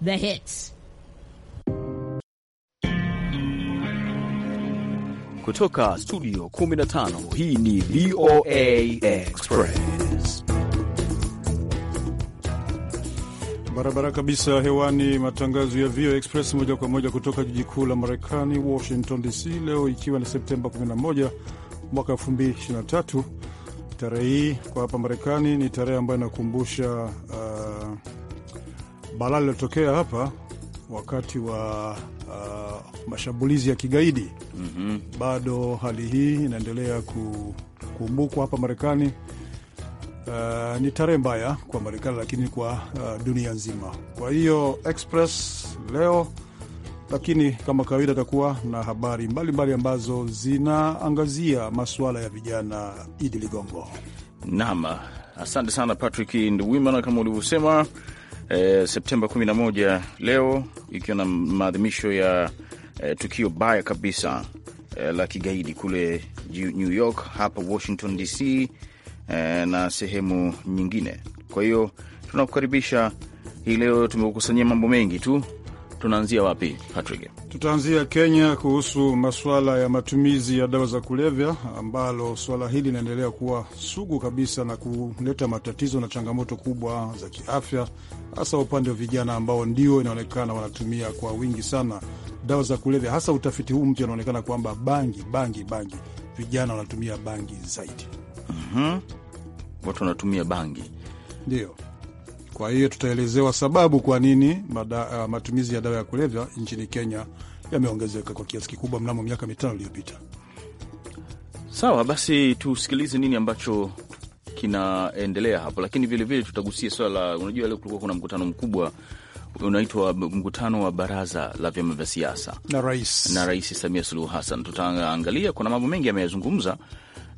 the Hits. Kutoka studio 15 hii ni VOA Express barabara kabisa hewani, matangazo ya VOA Express moja kwa moja kutoka jiji kuu la Marekani, Washington DC. Leo ikiwa ni Septemba 11 mwaka 2023, tarehe hii kwa hapa Marekani ni tarehe ambayo inakumbusha uh, balaa lilotokea hapa wakati wa uh, mashambulizi ya kigaidi mm -hmm. Bado hali hii inaendelea kukumbukwa hapa Marekani. Uh, ni tarehe mbaya kwa Marekani lakini kwa uh, dunia nzima. Kwa hiyo Express leo lakini kama kawaida atakuwa na habari mbalimbali mbali ambazo zinaangazia masuala ya vijana. Idi Ligongo nam, asante sana Patrick Ndwimana, kama ulivyosema eh, Septemba 11 leo ikiwa na maadhimisho ya eh, tukio baya kabisa eh, la kigaidi kule New York, hapa Washington DC eh, na sehemu nyingine. Kwa hiyo tunakukaribisha hii leo, tumekukusanyia mambo mengi tu tunaanzia wapi Patrick? Tutaanzia Kenya kuhusu masuala ya matumizi ya dawa za kulevya, ambalo suala hili linaendelea kuwa sugu kabisa na kuleta matatizo na changamoto kubwa za kiafya, hasa upande wa vijana ambao ndio inaonekana wanatumia kwa wingi sana dawa za kulevya. Hasa utafiti huu mpya unaonekana kwamba bangi, bangi, bangi, vijana wanatumia bangi zaidi. mm -hmm. Watu wanatumia bangi ndio kwa hiyo tutaelezewa sababu kwa nini mada, uh, matumizi ya dawa ya kulevya nchini Kenya yameongezeka kwa kiasi kikubwa mnamo miaka mitano iliyopita. Sawa, basi tusikilize nini ambacho kinaendelea hapo, lakini vilevile tutagusia swala la, unajua leo kulikuwa kuna mkutano mkubwa unaitwa mkutano wa baraza la vyama vya siasa na rais, na Rais Samia Suluhu Hassan. Tutaangalia kuna mambo mengi ameyazungumza,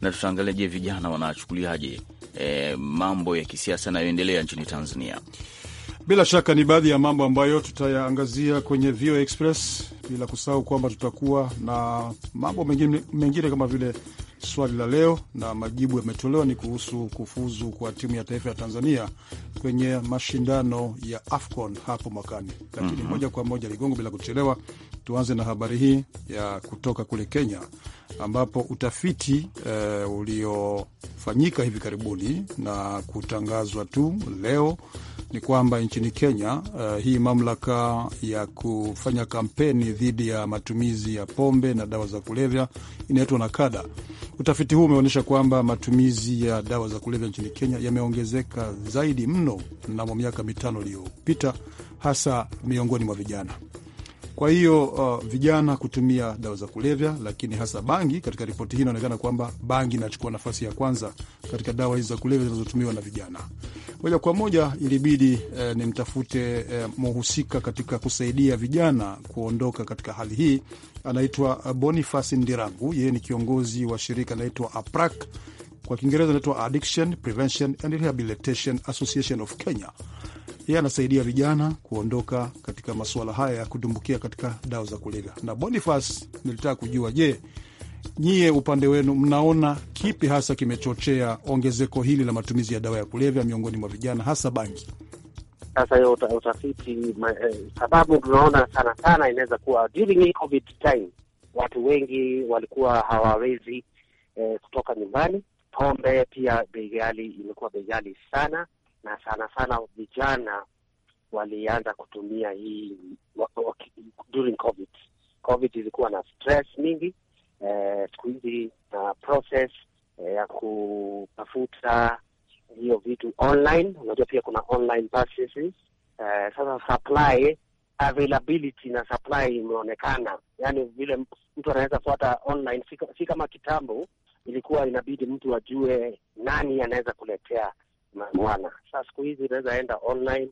na tutaangalia, je, vijana wanachukuliaje e, mambo ya kisiasa yanayoendelea nchini Tanzania. Bila shaka ni baadhi ya mambo ambayo tutayaangazia kwenye VOA Express, bila kusahau kwamba tutakuwa na mambo mengine, mengine kama vile swali la leo na majibu yametolewa, ni kuhusu kufuzu kwa timu ya taifa ya Tanzania kwenye mashindano ya AFCON hapo mwakani. Lakini mm -hmm. moja kwa moja Ligongo, bila kuchelewa, Tuanze na habari hii ya kutoka kule Kenya ambapo utafiti e, uliofanyika hivi karibuni na kutangazwa tu leo ni kwamba nchini Kenya e, hii mamlaka ya kufanya kampeni dhidi ya matumizi ya pombe na dawa za kulevya inaitwa NACADA. Utafiti huu umeonyesha kwamba matumizi ya dawa za kulevya nchini Kenya yameongezeka zaidi mno mnamo miaka mitano iliyopita, hasa miongoni mwa vijana. Kwa hiyo uh, vijana kutumia dawa za kulevya, lakini hasa bangi. Katika ripoti hii inaonekana kwamba bangi inachukua nafasi ya kwanza katika dawa hizi za kulevya zinazotumiwa na vijana. Moja kwa moja ilibidi eh, nimtafute eh, mhusika katika kusaidia vijana kuondoka katika hali hii. Anaitwa eh, Boniface Ndirangu, yeye ni kiongozi wa shirika anaitwa APRAC, kwa Kiingereza anaitwa Addiction Prevention and Rehabilitation Association of Kenya yeye anasaidia vijana kuondoka katika masuala haya ya kutumbukia katika dawa za kulevya. Na Bonifas, nilitaka kujua, je, nyie upande wenu mnaona kipi hasa kimechochea ongezeko hili la matumizi ya dawa ya kulevya miongoni mwa vijana, hasa bangi? Sasa hiyo utafiti eh, sababu tunaona sana sana inaweza kuwa during covid time, watu wengi walikuwa hawawezi eh, kutoka nyumbani. Pombe pia bei ghali, imekuwa bei ghali sana na sana sana vijana walianza kutumia hii during COVID. COVID ilikuwa na stress mingi eh, siku hizi na process eh, ya kutafuta hiyo vitu online. Unajua pia kuna online purchases eh, sasa supply availability na supply imeonekana, yani vile mtu anaweza fuata online, si kama kitambo ilikuwa inabidi mtu ajue nani anaweza kuletea mwana. Sasa siku hizi unaweza enda online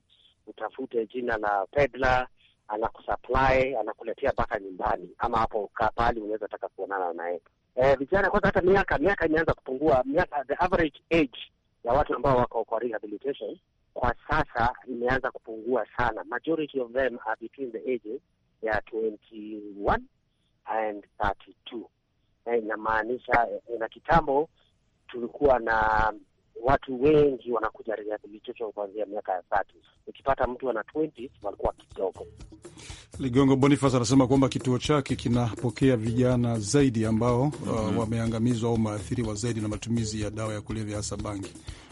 utafute jina la pedla, anakusupply anakuletea mpaka nyumbani ama hapo pahali unaweza taka kuonana naye. Eh, vijana kwanza, hata miaka miaka imeanza kupungua. Miaka the average age ya watu ambao wako kwa rehabilitation kwa sasa imeanza kupungua sana. Majority of them are between the ages ya 21 and 32. Eh, inamaanisha eh, na kitambo tulikuwa na watu wengi wanakuja rehabilitation kuanzia miaka ya thati. Ukipata mtu ana 20 walikuwa kidogo. Ligongo Bonifas anasema kwamba kituo chake kinapokea vijana zaidi ambao mm -hmm. uh, mhm. wameangamizwa au waathiriwa zaidi na matumizi ya dawa ya kulevya hasa bangi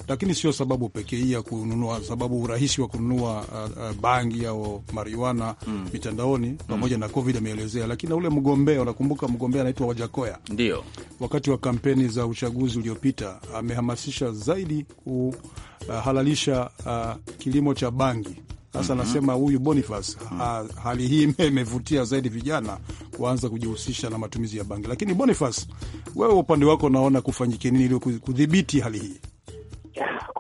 lakini sio sababu pekee hii ya kununua, sababu urahisi wa kununua uh, uh, bangi au marijuana mm. mitandaoni hmm. pamoja mm. na Covid ameelezea, lakini na ule mgombea, unakumbuka mgombea anaitwa Wajakoya, ndio wakati wa kampeni za uchaguzi uliopita amehamasisha zaidi kuhalalisha uh, uh, kilimo cha bangi. Sasa hmm. anasema mm -hmm. huyu Boniface mm -hmm. hali hii imevutia zaidi vijana kuanza kujihusisha na matumizi ya bangi. Lakini Boniface, wewe upande wako, naona kufanyike nini ili kudhibiti hali hii?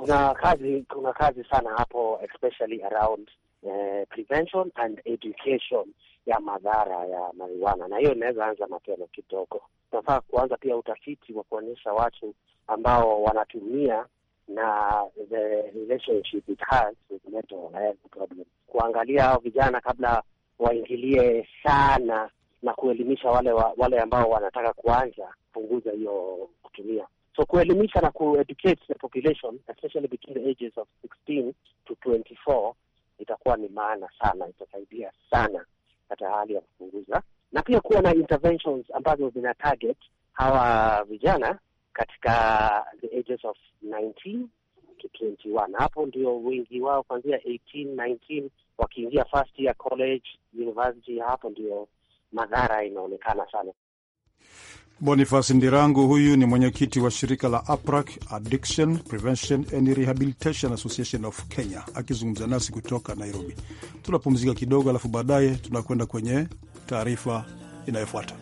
Kuna kazi, kuna kazi sana hapo especially around eh, prevention and education ya madhara ya mariwana na hiyo inaweza anza mapema kidogo. Tunafaa kuanza pia utafiti wa kuonyesha watu ambao wanatumia na the relationship it has with mental health problem, kuangalia hao vijana kabla waingilie sana na kuelimisha wale wa, wale ambao wanataka kuanza kupunguza hiyo kutumia So kuelimisha na kueducate the population especially between the ages of 16 to 24 itakuwa ni maana sana, itasaidia sana katika hali ya kupunguza na pia kuwa na interventions ambazo zina target hawa vijana katika the ages of 19 to 21. Hapo ndio wengi wao kuanzia 18 19, wakiingia first year college, university, hapo ndio madhara inaonekana sana. Bonifas Ndirangu huyu ni mwenyekiti wa shirika la APRAC, Addiction Prevention and Rehabilitation Association of Kenya, akizungumza nasi kutoka Nairobi. Tunapumzika kidogo, alafu baadaye tunakwenda kwenye taarifa inayofuata.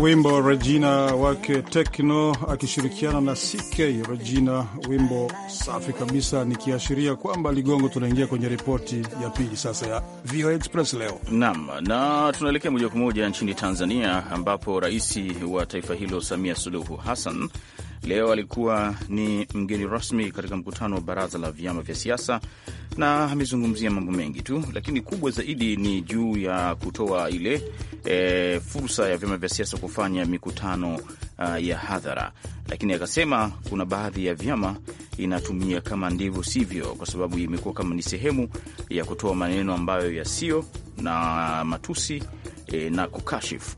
wimbo Regina wake Tekno akishirikiana na CK Regina, wimbo safi kabisa, nikiashiria kwamba Ligongo, tunaingia kwenye ripoti ya pili sasa ya VOA Express leo. Naam, na tunaelekea moja kwa moja nchini Tanzania ambapo rais wa taifa hilo Samia Suluhu Hassan leo alikuwa ni mgeni rasmi katika mkutano wa baraza la vyama vya siasa na amezungumzia mambo mengi tu, lakini kubwa zaidi ni juu ya kutoa ile e, fursa ya vyama vya siasa kufanya mikutano uh, ya hadhara, lakini akasema kuna baadhi ya vyama inatumia kama ndivyo sivyo, kwa sababu imekuwa kama ni sehemu ya kutoa maneno ambayo yasiyo na matusi e, na kukashifu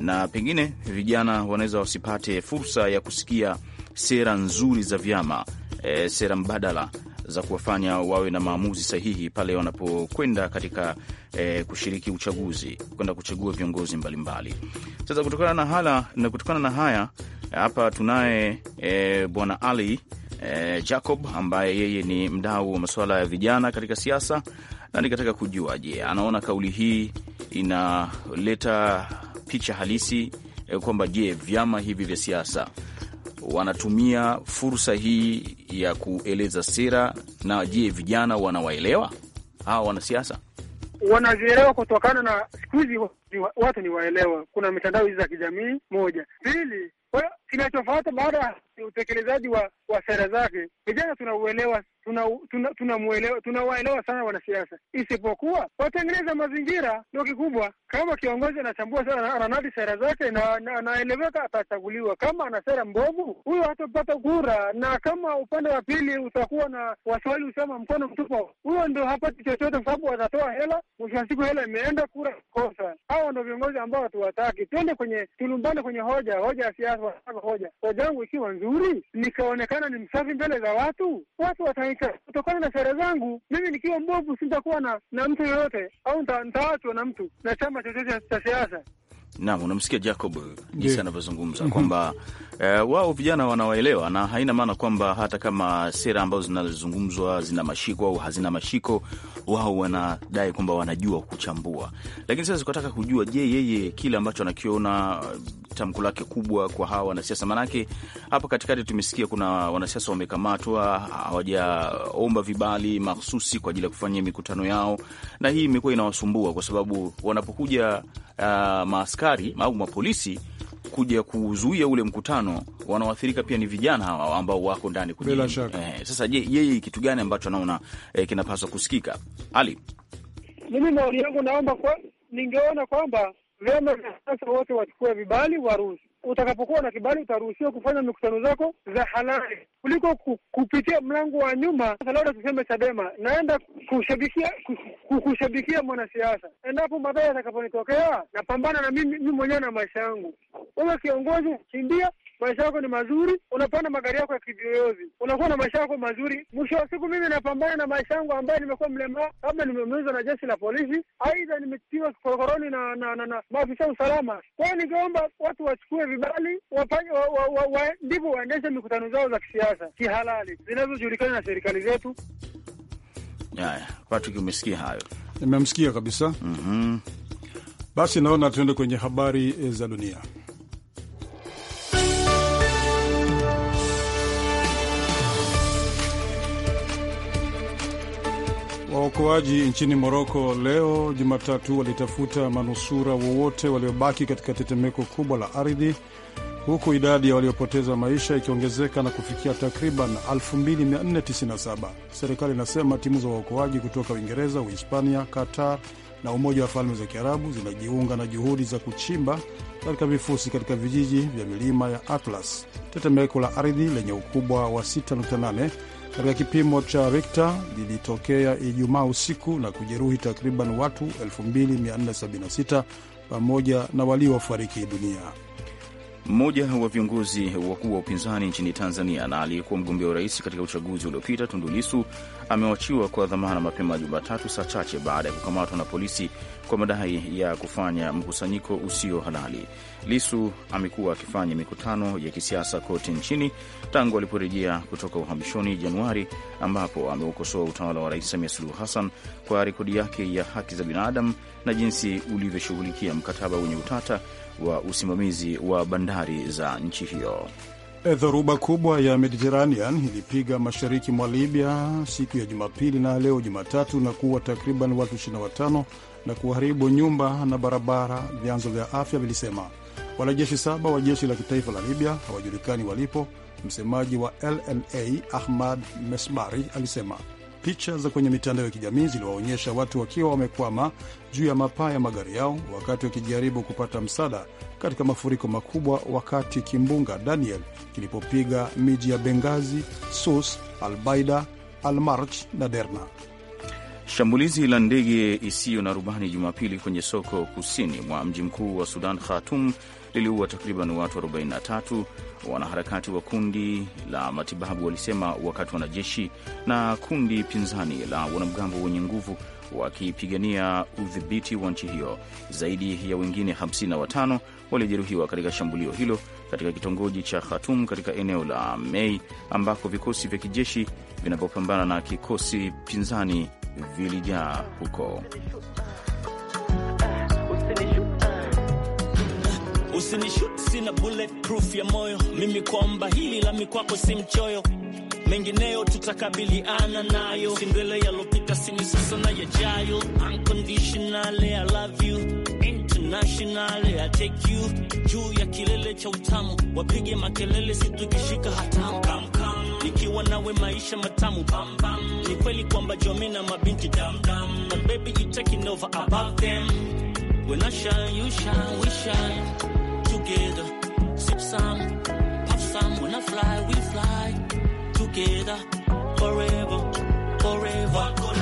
na pengine vijana wanaweza wasipate fursa ya kusikia sera nzuri za vyama e, sera mbadala za kuwafanya wawe na maamuzi sahihi pale wanapokwenda katika e, kushiriki uchaguzi, kwenda kuchagua viongozi mbalimbali. Sasa kutokana na hala, na kutokana na haya hapa tunaye e, bwana Ali e, Jacob ambaye yeye ni mdau wa masuala ya vijana katika siasa, na nikataka kujua, je, anaona kauli hii inaleta picha halisi e, kwamba je, vyama hivi vya siasa wanatumia fursa hii ya kueleza sera, na je, vijana wanawaelewa hawa wanasiasa? Wanazielewa kutokana na siku hizi watu ni waelewa, kuna mitandao hizi za kijamii moja. Pili, kinachofuata baada ya utekelezaji wa, wa sera zake, vijana tunauelewa tunawaelewa tuna, tuna tuna sana wanasiasa, isipokuwa watengeneza mazingira. Ndio kikubwa, kama kiongozi anachambua sana, ananadi sera zake na anaeleweka, atachaguliwa. Kama ana sera mbovu, huyo hatapata kura, na kama upande wa pili utakuwa na waswali usema mkono mtupo, huyo ndo hapati chochote, kwa sababu watatoa hela, mwisho wa siku hela imeenda, kura kosa. Hawa ndo viongozi ambao hatuwataki. Tuende kwenye tulumbane kwenye hoja hoja ya siasa, wanataka hoja. Hoja yangu ikiwa nzuri, nikaonekana ni msafi mbele za watu, watu wata nikaika. Kutokana na sera zangu mimi nikiwa mbovu, sitakuwa na na mtu yoyote, au nitaachwa na mtu na chama chochote cha siasa. Naam, unamsikia Jacob jinsi anavyozungumza mm -hmm. kwamba eh, wao vijana wanawaelewa, na haina maana kwamba hata kama sera ambazo zinazungumzwa zina mashiko au hazina mashiko, wao wanadai kwamba wanajua kuchambua. Lakini sasa ukataka kujua, je, yeye kile ambacho anakiona eh, tamko lake kubwa kwa hawa wanasiasa, maanake hapa katikati tumesikia kuna wanasiasa wamekamatwa, hawajaomba vibali mahsusi kwa ajili ya kufanyia mikutano yao, na hii imekuwa inawasumbua kwa sababu wanapokuja uh, askari au mapolisi kuja kuzuia ule mkutano, wanaoathirika pia ni vijana hawa ambao wako ndani kwenye eh. Sasa je, yeye kitu gani ambacho anaona eh, kinapaswa kusikika? Ali, mimi maoni yangu naomba kwa, ningeona kwamba vyama vya sasa wote wachukue vibali, waruhusu utakapokuwa na kibali utaruhusiwa kufanya mikutano zako za halali kuliko kupitia mlango wa nyuma. Sasa labda tuseme Chadema naenda kushabikia kushabikia mwanasiasa, endapo madhara yatakaponitokea napambana na mimi mimi mwenyewe na maisha yangu. Wewe kiongozi kimbia maisha yako ni mazuri, unapanda magari yako ya kivyoyozi, unakuwa na maisha yako mazuri. Mwisho wa siku, mimi napambana na maisha yangu ambayo nimekuwa mlemaa labda nimeumizwa na jeshi la polisi, aidha nimetiwa korokoroni na na, na, na maafisa usalama. Kwa hiyo ningeomba watu wachukue vibali ndivyo wa, wa, wa, wa, waendeshe mikutano zao za kisiasa kihalali zinazojulikana na serikali zetu. Haya, Patrick, umesikia hayo? Nimemsikia kabisa. mm -hmm. Basi naona tuende kwenye habari eh, za dunia. Waokoaji nchini Moroko leo Jumatatu walitafuta manusura wowote waliobaki katika tetemeko kubwa la ardhi, huku idadi ya waliopoteza maisha ikiongezeka na kufikia takriban 2497. Serikali inasema timu za waokoaji kutoka Uingereza, Uhispania, Qatar na Umoja wa Falme za Kiarabu zinajiunga na juhudi za kuchimba katika vifusi katika vijiji vya milima ya Atlas. Tetemeko la ardhi lenye ukubwa wa 6.8 katika kipimo cha Richter lilitokea Ijumaa usiku na kujeruhi takriban watu 2476 pamoja na waliofariki dunia. Mmoja wa viongozi wakuu wa upinzani nchini Tanzania na aliyekuwa mgombea wa urais katika uchaguzi uliopita Tundu amewachiwa kwa dhamana mapema Jumatatu, saa chache baada ya kukamatwa na polisi kwa madai ya kufanya mkusanyiko usio halali. Lisu amekuwa akifanya mikutano ya kisiasa kote nchini tangu aliporejea kutoka uhamishoni Januari, ambapo ameukosoa utawala wa Rais Samia Suluhu Hassan kwa rekodi yake ya haki za binadamu na jinsi ulivyoshughulikia mkataba wenye utata wa usimamizi wa bandari za nchi hiyo. Dhoruba kubwa ya Mediterranean ilipiga mashariki mwa Libya siku ya Jumapili na leo Jumatatu na kuua takriban watu 25 na kuharibu nyumba na barabara, vyanzo vya afya vilisema. Wanajeshi saba wa jeshi la kitaifa la Libya hawajulikani walipo. Msemaji wa LNA Ahmad Mesbari alisema picha za kwenye mitandao ya kijamii ziliwaonyesha watu wakiwa wamekwama juu ya mapaa ya magari yao wakati wakijaribu kupata msaada katika mafuriko makubwa wakati kimbunga Daniel kilipopiga miji ya Bengazi, Sus, Albaida, Almarch na Derna. Shambulizi la ndege isiyo na rubani Jumapili kwenye soko kusini mwa mji mkuu wa Sudan, Khartoum, liliua takriban watu 43, wanaharakati wa kundi la matibabu walisema, wakati wanajeshi na kundi pinzani la wanamgambo wenye nguvu wakipigania udhibiti wa nchi hiyo. Zaidi ya wengine 55 walijeruhiwa katika shambulio hilo katika kitongoji cha Khartoum katika eneo la Mei ambako vikosi vya kijeshi vinavyopambana na kikosi pinzani vilijaa huko. Usinishut, sina bulletproof ya moyo mimi, kwamba hili la mikwako si mchoyo, mengineyo tutakabiliana nayo, yalopita sini sasa na yajayo. Unconditionally I love you internationally I take you juu ya kilele cha utamu, wapige makelele, situkishika hatamu ukiwa nawe maisha matamu bam, bam. Ni kweli kwamba Jome na mabinti dam, dam. But baby you taking over above them When I shine, you shine, we shine Together Sip some, pop some When I fly, we fly Together Forever, forever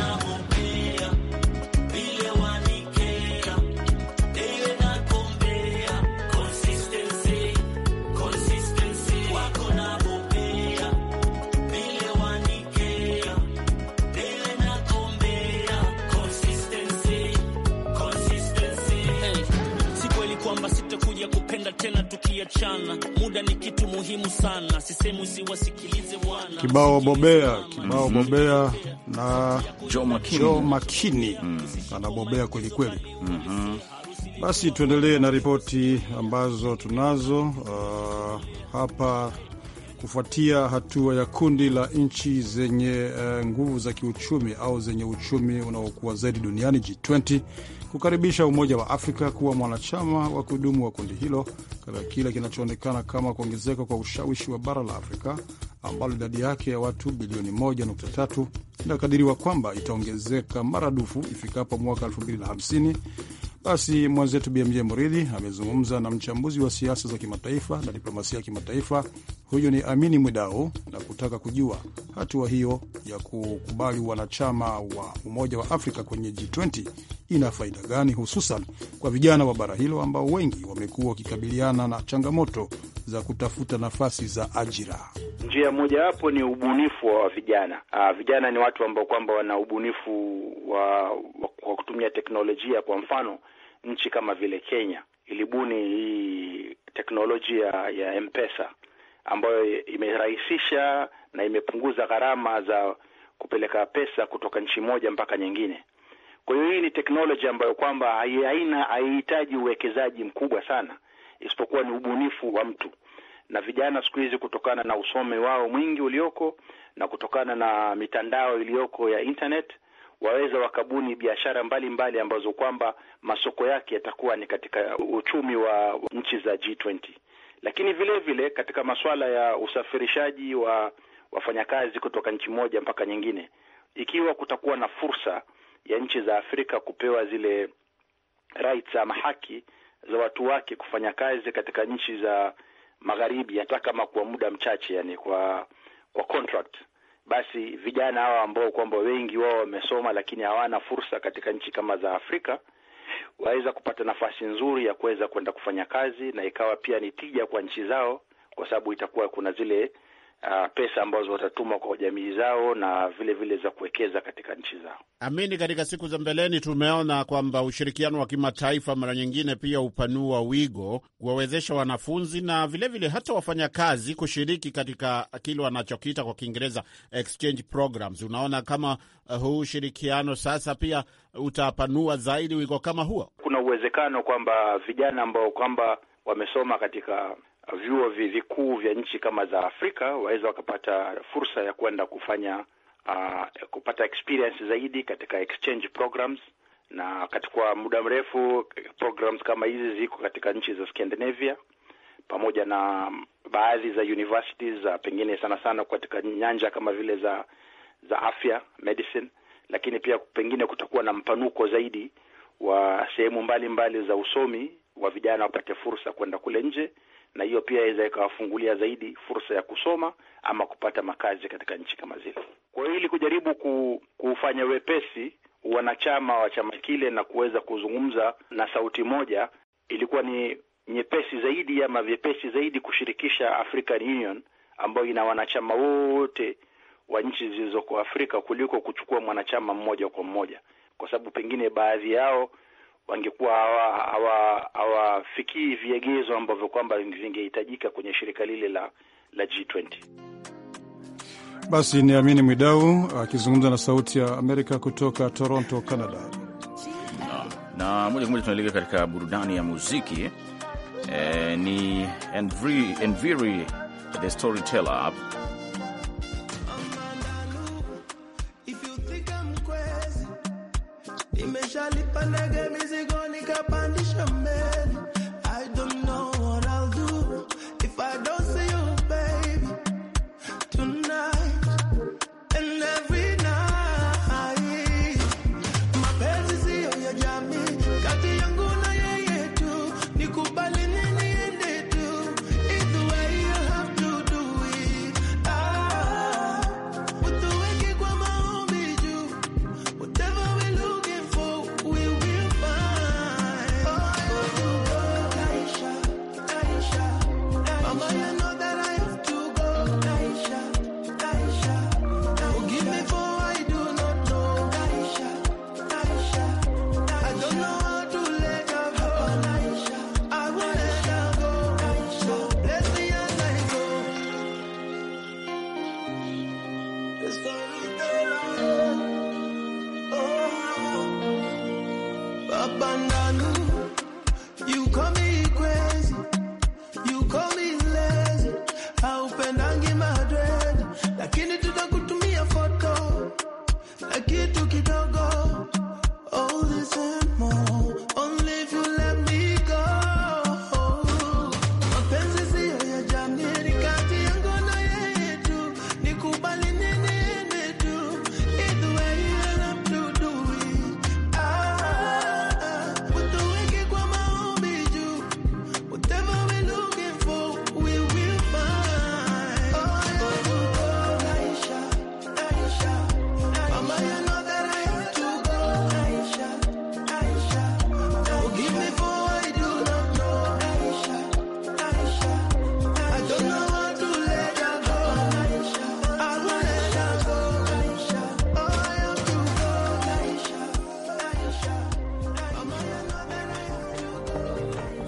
kibao bobea kibao mm -hmm. bobea na jo makini, jo makini. Mm. anabobea kwelikweli mm -hmm. Basi tuendelee na ripoti ambazo tunazo uh, hapa kufuatia hatua ya kundi la nchi zenye uh, nguvu za kiuchumi au zenye uchumi unaokuwa zaidi duniani G20 kukaribisha Umoja wa Afrika kuwa mwanachama wa kudumu wa kundi hilo katika kile kinachoonekana kama kuongezeka kwa ushawishi wa bara la Afrika ambalo idadi yake ya watu bilioni 1.3 inakadiriwa kwamba itaongezeka maradufu ifikapo mwaka 2050 basi mwenzetu BMJ Muridhi amezungumza na mchambuzi wa siasa za kimataifa na diplomasia ya kimataifa, huyu ni Amini Mwidau, na kutaka kujua hatua hiyo ya kukubali wanachama wa Umoja wa Afrika kwenye G20 ina faida gani, hususan kwa vijana wa bara hilo ambao wengi wamekuwa wakikabiliana na changamoto za kutafuta nafasi za ajira. Njia mojawapo ni ubunifu wa vijana. Aa, ah, vijana ni watu ambao kwamba wana ubunifu wa, wa kwa kutumia teknolojia. Kwa mfano, nchi kama vile Kenya ilibuni hii teknolojia ya M-Pesa ambayo imerahisisha na imepunguza gharama za kupeleka pesa kutoka nchi moja mpaka nyingine. Kwa hiyo hii ni teknoloji ambayo kwamba haina haihitaji uwekezaji mkubwa sana, isipokuwa ni ubunifu wa mtu. Na vijana siku hizi, kutokana na usomi wao mwingi ulioko na kutokana na mitandao iliyoko ya internet, waweza wakabuni biashara mbalimbali ambazo kwamba masoko yake yatakuwa ni katika uchumi wa nchi za G20, lakini vile vile katika masuala ya usafirishaji wa wafanyakazi kutoka nchi moja mpaka nyingine, ikiwa kutakuwa na fursa ya nchi za Afrika kupewa zile rights ama haki za watu wake kufanya kazi katika nchi za magharibi hata kama kwa muda mchache, yani kwa kwa contract basi vijana hawa ambao kwamba wengi wao wamesoma lakini hawana fursa katika nchi kama za Afrika waweza kupata nafasi nzuri ya kuweza kwenda kufanya kazi na ikawa pia ni tija kwa nchi zao, kwa sababu itakuwa kuna zile uh, pesa ambazo watatuma kwa jamii zao na vile vile za kuwekeza katika nchi zao. Amini, katika siku za mbeleni tumeona kwamba ushirikiano wa kimataifa mara nyingine pia upanua wigo kuwawezesha wanafunzi na vile vile hata wafanyakazi kushiriki katika kile wanachokiita kwa Kiingereza exchange programs. Unaona kama uh, huu ushirikiano sasa pia utapanua zaidi wigo kama huo? Kuna uwezekano kwamba vijana ambao kwamba wamesoma katika vyuo vikuu vya nchi kama za Afrika waweza wakapata fursa ya kwenda kufanya uh, kupata experience zaidi katika exchange programs na katika muda mrefu programs kama hizi ziko katika nchi za Scandinavia pamoja na baadhi za universities za pengine sana sana katika nyanja kama vile za za afya medicine, lakini pia pengine kutakuwa na mpanuko zaidi wa sehemu mbalimbali za usomi wa vijana wapate fursa kwenda kule nje na hiyo pia inaweza ikawafungulia zaidi fursa ya kusoma ama kupata makazi katika nchi kama zile. Kwa hiyo ili kujaribu kufanya wepesi wanachama wa chama kile na kuweza kuzungumza na sauti moja, ilikuwa ni nyepesi zaidi ama vyepesi zaidi kushirikisha African Union ambayo ina wanachama wote wa nchi zilizoko Afrika kuliko kuchukua mwanachama mmoja kwa mmoja, kwa sababu pengine baadhi yao wangekuwa hawafikii viegezo ambavyo kwamba vingehitajika kwenye shirika lile la, la G20. Basi ni Amini Mwidau akizungumza na Sauti ya Amerika kutoka Toronto, Canada. Na moja kwa moja tunaelekea katika burudani ya muziki eh, ni Enviri, the Storyteller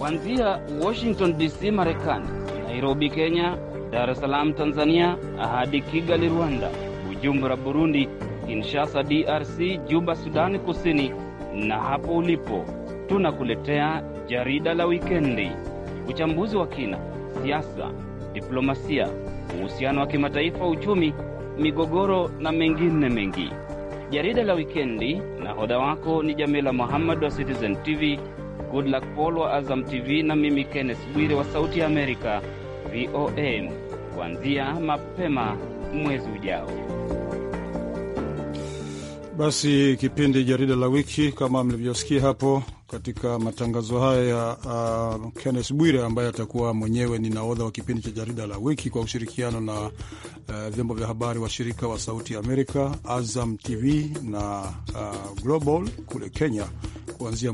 kuanzia Washington DC, Marekani, Nairobi, Kenya, Dar es Salaam, Tanzania, hadi Kigali, Rwanda, Bujumbura, Burundi, Kinshasa, DRC, Juba, Sudani Kusini, na hapo ulipo tunakuletea jarida la wikendi, uchambuzi wa kina, siasa, diplomasia, uhusiano wa kimataifa, uchumi, migogoro na mengine mengi. Jarida la wikendi, nahodha wako ni Jamila Muhammad wa Citizen TV Goodluck Paul wa Azam TV na mimi Kenneth Bwire wa Sauti ya Amerika VOA kuanzia mapema mwezi ujao. Basi kipindi jarida la wiki kama mlivyosikia hapo katika matangazo haya ya uh, Kenneth Bwire ambaye atakuwa mwenyewe ni naodha wa kipindi cha jarida la wiki kwa ushirikiano na uh, vyombo vya habari washirika wa Sauti ya Amerika, Azam TV na uh, Global kule Kenya kuanzia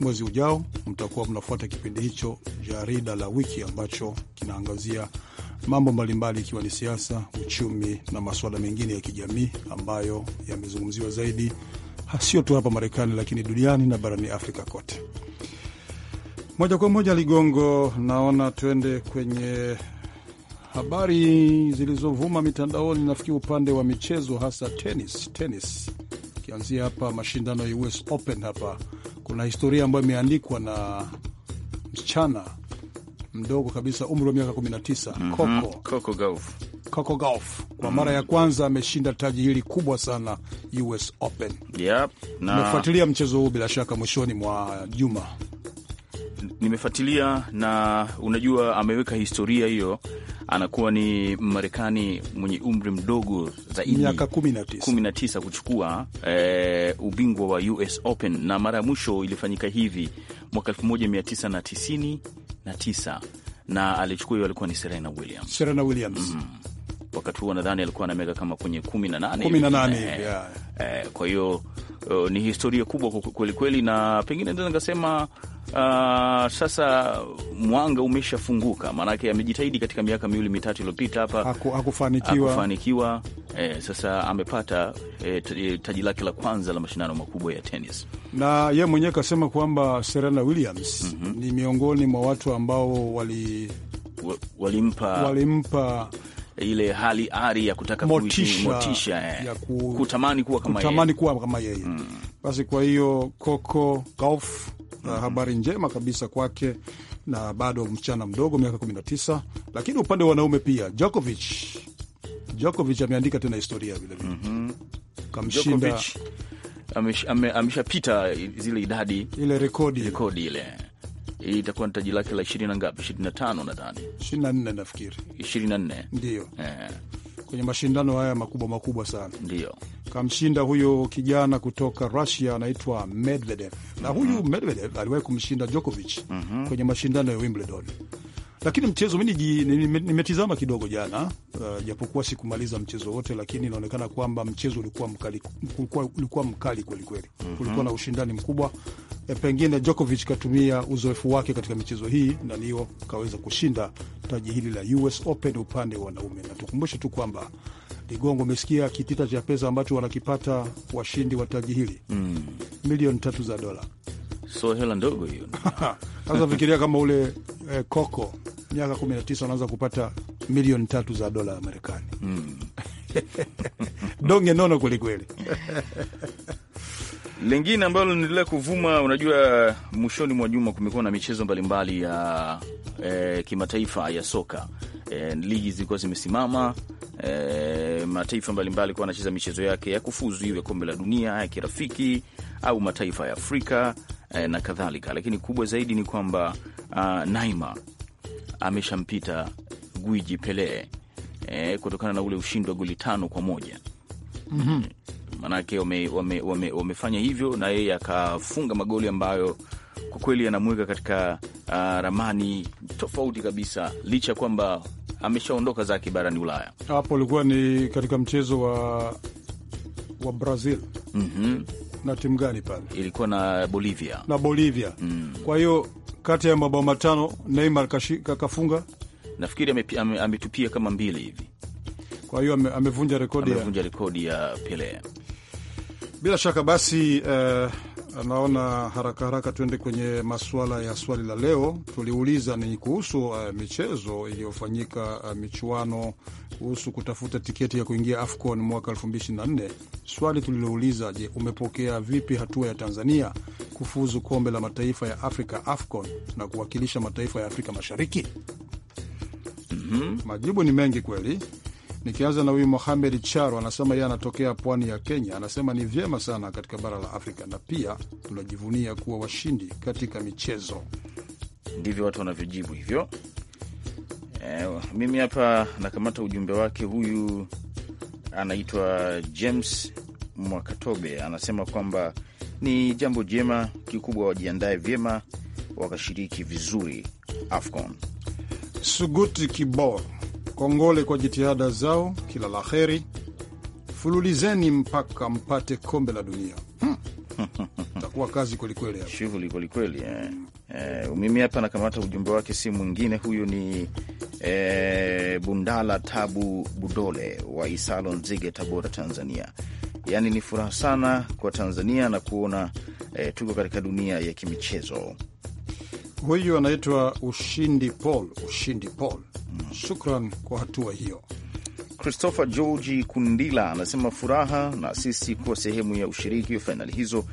mwezi ujao mtakuwa mnafuata kipindi hicho jarida la wiki ambacho kinaangazia mambo mbalimbali ikiwa ni siasa, uchumi na masuala mengine ya kijamii ambayo yamezungumziwa zaidi sio tu hapa Marekani lakini duniani na barani Afrika kote. Moja kwa moja, Ligongo, naona tuende kwenye habari zilizovuma mitandaoni. Nafikiri upande wa michezo, hasa tenis, tenis, ukianzia hapa mashindano ya US Open hapa kuna historia ambayo imeandikwa na msichana mdogo kabisa, umri wa miaka 19 mm -hmm. Coco Coco Gauff Coco Gauff kwa mm. mara ya kwanza ameshinda taji hili kubwa sana US Open. Yep, na umefuatilia mchezo huu bila shaka mwishoni mwa juma nimefuatilia na unajua, ameweka historia hiyo. Anakuwa ni Marekani mwenye umri mdogo zaidi, miaka 19 kuchukua e, ubingwa wa US Open, na mara ya mwisho ilifanyika hivi mwaka 1999 na, na alichukua hiyo alikuwa ni Serena Williams. Serena Williams. Mm wakati huo nadhani alikuwa na miaka kama kwenye kumi na nane kumi na nane eh, hivi yeah. Eh, kwa hiyo uh, ni historia kubwa kwelikweli kweli, na pengine ndio nikasema Uh, sasa mwanga umeshafunguka, maanake amejitahidi katika miaka miwili mitatu iliyopita hapa haku, hakufanikiwa, hakufanikiwa. Eh, sasa amepata eh, eh taji lake la kwanza la mashindano makubwa ya tenis, na ye mwenyewe akasema kwamba Serena Williams mm -hmm. ni miongoni mwa watu ambao wali walimpa walimpa ile hali ari ya kutaka motisha, motisha, eh, ya ku, kutamani kuwa kama kutamani yeye, kuwa kama yeye. Mm. Basi kwa hiyo Coco Gauff mm -hmm. habari njema kabisa kwake na bado mchana mdogo miaka 19, lakini upande wa wanaume pia Djokovic Djokovic ameandika tena historia vilevile mm -hmm. kamshinda ameshapita ame, zile idadi ile rekodi rekodi ile Eh, itakuwa ni taji lake la ishirini na ngapi? Ishirini na tano nadhani, ishirini na nne nafikiri, ishirini na nne ndio eh kwenye mashindano haya makubwa makubwa sana ndio kamshinda huyo kijana kutoka Russia anaitwa Medvedev na mm -hmm. Huyu Medvedev aliwahi kumshinda Djokovic mm -hmm. kwenye mashindano ya Wimbledon. Lakini mchezo mi nimetizama kidogo jana, uh, japokuwa sikumaliza mchezo wote, lakini inaonekana kwamba mchezo ulikuwa mkali, ulikuwa mkali kwelikweli. mm -hmm. Kulikuwa na ushindani mkubwa e, pengine Djokovic katumia uzoefu wake katika michezo hii na ndio kaweza kushinda taji hili la US Open upande wa wanaume, na tukumbushe tu kwamba Ligongo, umesikia kitita cha pesa ambacho wanakipata washindi wa taji hili mm. milioni tatu za dola, so hela ndogo hiyo. Sasa fikiria kama ule eh, Coco miaka 19 anaanza kupata milioni tatu za dola ya Marekani. mm. donge nono kwelikweli. Lingine ambalo linaendelea kuvuma, unajua, mwishoni mwa juma kumekuwa na michezo mbalimbali ya e, kimataifa ya soka e, ligi zilikuwa zimesimama e, mataifa mbalimbali kuwa anacheza michezo yake ya kufuzu ya kombe la dunia ya kirafiki au mataifa ya Afrika eh, na kadhalika, lakini kubwa zaidi ni kwamba uh, Neymar ameshampita gwiji Pele eh, kutokana na ule ushindi wa goli tano kwa moja mm -hmm. Manake wamefanya wame, wame, wame hivyo na yeye akafunga magoli ambayo kwa kweli yanamweka katika uh, ramani tofauti kabisa, licha ya kwamba ameshaondoka zake barani Ulaya. Hapo ulikuwa ni katika mchezo wa, wa Brazil mm -hmm na timu gani pale? Ilikuwa na Bolivia na Bolivia mm. Kwa hiyo kati ya mabao matano Neymar kafunga, nafikiri ametupia ame, ame kama mbili hivi. Kwa hiyo amevunja ame rekodi, ya... rekodi ya Pele bila shaka basi uh, naona haraka haraka tuende kwenye masuala ya swali la leo. Tuliuliza ni kuhusu uh, michezo iliyofanyika uh, michuano kuhusu kutafuta tiketi ya kuingia AFCON mwaka 2024. Swali tulilouliza, je, umepokea vipi hatua ya Tanzania kufuzu kombe la mataifa ya Afrika AFCON na kuwakilisha mataifa ya Afrika Mashariki? Mm -hmm. Majibu ni mengi kweli. Nikianza na huyu Mohamed Charo, anasema yeye anatokea pwani ya Kenya. Anasema ni vyema sana katika bara la Afrika, na pia tunajivunia kuwa washindi katika michezo. Ndivyo watu wanavyojibu hivyo. Ewa, eh, mimi hapa nakamata ujumbe wake. Huyu anaitwa James Mwakatobe, anasema kwamba ni jambo jema, kikubwa wajiandae vyema, wakashiriki vizuri AFCON. Suguti Kibor Kongole kwa jitihada zao, kila la heri. Fululizeni mpaka mpate kombe la dunia. Hmm. Itakuwa kazi kwelikweli, shughuli kwelikweli. Eh, eh mimi hapa nakamata ujumbe wake, si mwingine huyu ni eh, Bundala Tabu Budole wa Isalo, Nzige, Tabora, Tanzania. Yaani ni furaha sana kwa Tanzania na kuona eh, tuko katika dunia ya kimichezo. Huyu anaitwa Ushindi Paul, Ushindi Paul Shukran kwa hatua hiyo. Christopher Georgi Kundila anasema furaha na sisi kuwa sehemu ya ushiriki wa fainali hizo.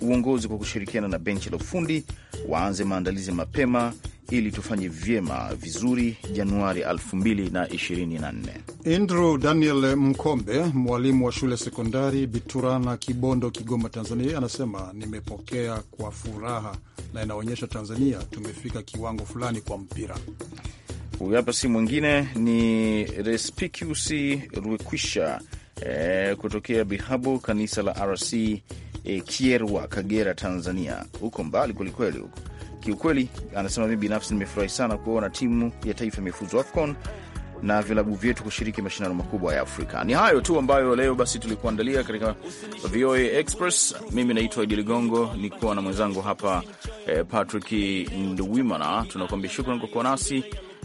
Uongozi kwa kushirikiana na benchi la ufundi waanze maandalizi mapema ili tufanye vyema vizuri Januari 2024. Andrew Daniel Mkombe, mwalimu wa shule sekondari Biturana, Kibondo, Kigoma, Tanzania, anasema nimepokea kwa furaha na inaonyesha Tanzania tumefika kiwango fulani kwa mpira. Huyu hapa si mwingine ni Respicus Rwekwisha e, eh, kutokea Bihabu, kanisa la RC e, eh, Kierwa, Kagera, Tanzania. Huko mbali kwelikweli huko. Kiukweli anasema mi binafsi nimefurahi sana kuona timu ya taifa imefuzu AFCON na vilabu vyetu kushiriki mashindano makubwa ya Afrika. Ni hayo tu ambayo leo basi tulikuandalia katika VOA Express. Mimi naitwa Idi Ligongo, nikuwa na mwenzangu hapa eh, Patrick Nduwimana. Tunakuambia shukran kwa kuwa nasi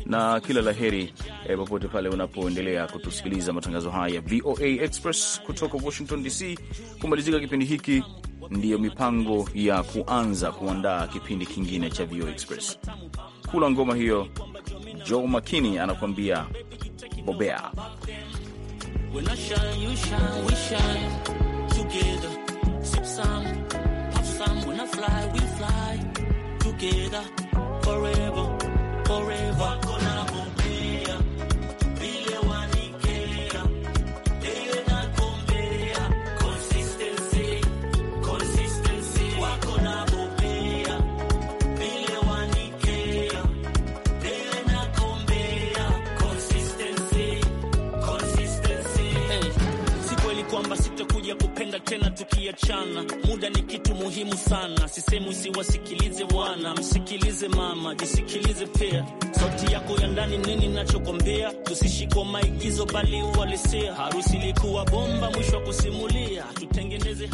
na kila la heri eh, popote pale unapoendelea kutusikiliza matangazo haya ya VOA Express kutoka Washington DC. Kumalizika kipindi hiki, ndiyo mipango ya kuanza kuandaa kipindi kingine cha VOA Express. Kula ngoma hiyo, Joe Makini anakuambia bobea. Forever, forever. tena tukiachana, muda ni kitu muhimu sana. Sisemu siwasikilize wana, msikilize mama, jisikilize pia sauti yako ya ndani. Nini nachokwambia? Tusishikwa maigizo, bali uhalisia. Harusi ilikuwa bomba, mwisho wa kusimulia, tutengeneze